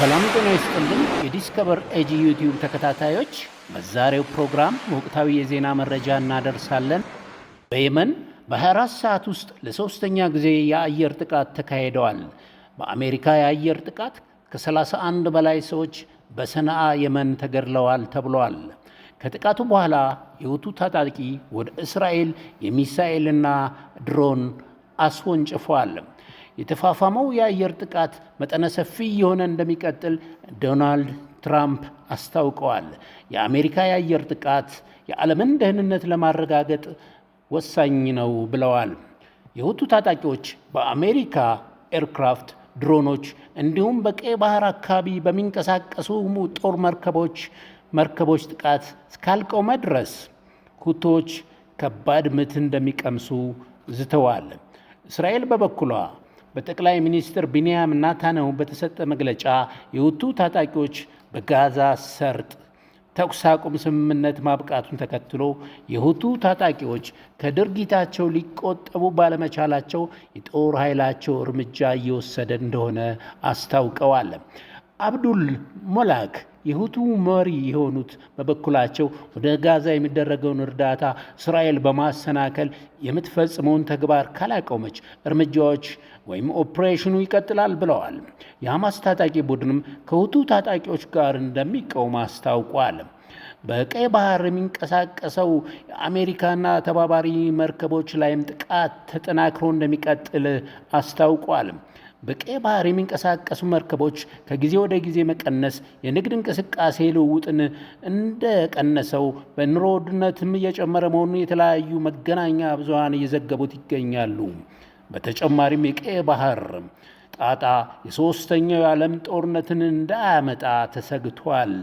ሰላም ጤና ይስጥልን የዲስከቨር ኤጂ ዩቲዩብ ተከታታዮች፣ በዛሬው ፕሮግራም ወቅታዊ የዜና መረጃ እናደርሳለን። በየመን በ24 ሰዓት ውስጥ ለሶስተኛ ጊዜ የአየር ጥቃት ተካሂደዋል። በአሜሪካ የአየር ጥቃት ከ31 በላይ ሰዎች በሰነአ የመን ተገድለዋል ተብሏል። ከጥቃቱ በኋላ የውቱ ታጣቂ ወደ እስራኤል የሚሳኤልና ድሮን አስወንጭፏል። የተፋፋመው የአየር ጥቃት መጠነ ሰፊ የሆነ እንደሚቀጥል ዶናልድ ትራምፕ አስታውቀዋል። የአሜሪካ የአየር ጥቃት የዓለምን ደህንነት ለማረጋገጥ ወሳኝ ነው ብለዋል። የሁቱ ታጣቂዎች በአሜሪካ ኤርክራፍት፣ ድሮኖች እንዲሁም በቀይ ባህር አካባቢ በሚንቀሳቀሱ ጦር መርከቦች መርከቦች ጥቃት እስካልቆመ ድረስ ሁቶች ከባድ ምት እንደሚቀምሱ ዝተዋል። እስራኤል በበኩሏ በጠቅላይ ሚኒስትር ቢንያም ኔታንያሁ በተሰጠ መግለጫ የሁቱ ታጣቂዎች በጋዛ ሰርጥ ተኩስ አቁም ስምምነት ማብቃቱን ተከትሎ የሁቱ ታጣቂዎች ከድርጊታቸው ሊቆጠቡ ባለመቻላቸው የጦር ኃይላቸው እርምጃ እየወሰደ እንደሆነ አስታውቀዋል። አብዱል ሞላክ የሁቱ መሪ የሆኑት በበኩላቸው ወደ ጋዛ የሚደረገውን እርዳታ እስራኤል በማሰናከል የምትፈጽመውን ተግባር ካላቆመች እርምጃዎች ወይም ኦፕሬሽኑ ይቀጥላል ብለዋል። የሐማስ ታጣቂ ቡድንም ከሁቱ ታጣቂዎች ጋር እንደሚቀውም አስታውቋል። በቀይ ባህር የሚንቀሳቀሰው የአሜሪካና ተባባሪ መርከቦች ላይም ጥቃት ተጠናክሮ እንደሚቀጥል አስታውቋል። በቀይ ባህር የሚንቀሳቀሱ መርከቦች ከጊዜ ወደ ጊዜ መቀነስ የንግድ እንቅስቃሴ ልውውጥን እንደቀነሰው በኑሮ ውድነትም እየጨመረ መሆኑን የተለያዩ መገናኛ ብዙሃን እየዘገቡት ይገኛሉ። በተጨማሪም የቀይ ባህር ጣጣ የሶስተኛው የዓለም ጦርነትን እንዳያመጣ ተሰግቷል።